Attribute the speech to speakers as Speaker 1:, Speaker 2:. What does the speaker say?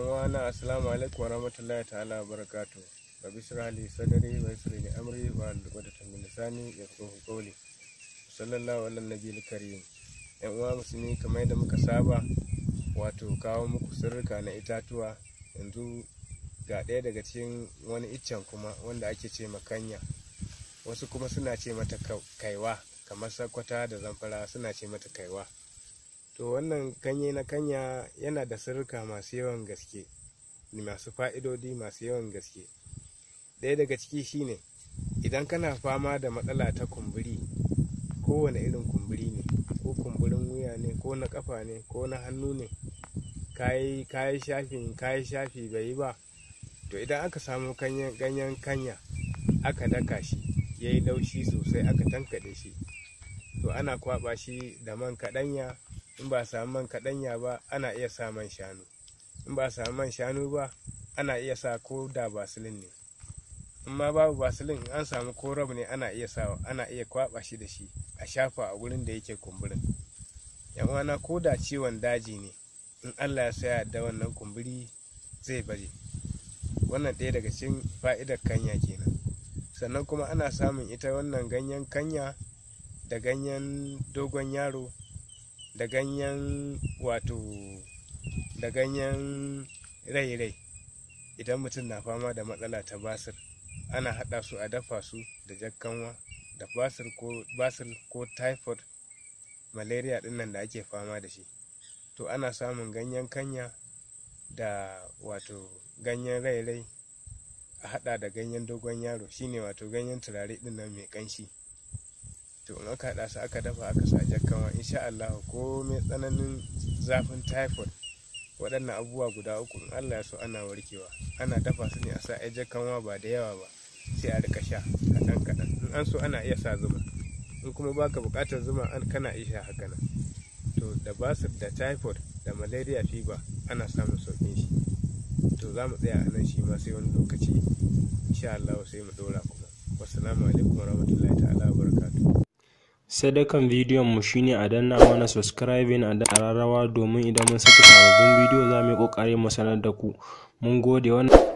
Speaker 1: yan wana assalamu alaikum warahmatullahi ta'ala barakatu rabbi bisra li sadari wa isra da amri wa al-qadata min lisani yafqahu qawli sallallahu ala da karim yan uwa musulmi kamar yadda muka saba wato kawo muku sirrika na itatuwa yanzu ga ɗaya daga cikin wani iccen kuma wanda ake ce makanya wasu kuma suna ce mata kaiwa kamar sakwata da zamfara suna ce mata kaiwa to wannan kanye na kanya yana da sirrika masu yawan gaske masu fa'idodi masu yawan gaske ɗaya daga ciki shine idan kana fama da matsala ta kumburi kowane irin kumburi ne ko kumburin wuya ne ko na ƙafa ne ko na hannu ne kayi yi shafi bai yi ba to idan aka samu ganyen kanya aka daka shi ya yi laushi sosai aka tankaɗe shi to ana kwaɓa shi da man kaɗanya in ba a samu man kaɗanya ba ana iya sa man shanu in ba a samu man shanu ba ana iya sa ko da basilin ne in ma babu basilin an samu ko rab ne ana iya sawa ana iya kwaɓa shi da shi a shafa a wurin da yake kumburin yan ko da ciwon daji ne in Allah ya saya da wannan kumburi zai bari wannan ɗaya daga cikin fa'idar kanya kenan sannan kuma ana samun ita wannan ganyen kanya da ganyen dogon yaro da ganyen wato da ganyen rai idan mutum na fama da matsala ta basir ana haɗa su a dafa su da jakkanwa da basir ko basir ko typhoid malaria nan da ake fama da shi to ana samun ganyen kanya da wato ganyen rai a haɗa da ganyen dogon yaro shine wato ganyen turare ɗin nan mai ƙanshi to in aka haɗa su aka dafa aka sa jakkan insha Allah ko mai tsananin zafin typhoid waɗannan abubuwa guda uku in Allah ya so ana warkewa ana dafa su ne a sa ai jakkan ba da yawa ba sai a rika sha kaɗan kaɗan in an so ana iya sa zuma in kuma baka buƙatar zuma an kana iya haka nan to da basir da typhoid da malaria fever ana samun sauƙin shi to za mu tsaya a nan shi ma sai wani lokaci insha Allah sai mu ɗora kuma wassalamu alaikum warahmatullahi ta'ala wa sai Sadakan bidiyon mu shine a danna mana subscribing a danna rarrawa domin idan mun saka sababbin bidiyo za mu yi kokari mu sanar da ku. Mun gode wannan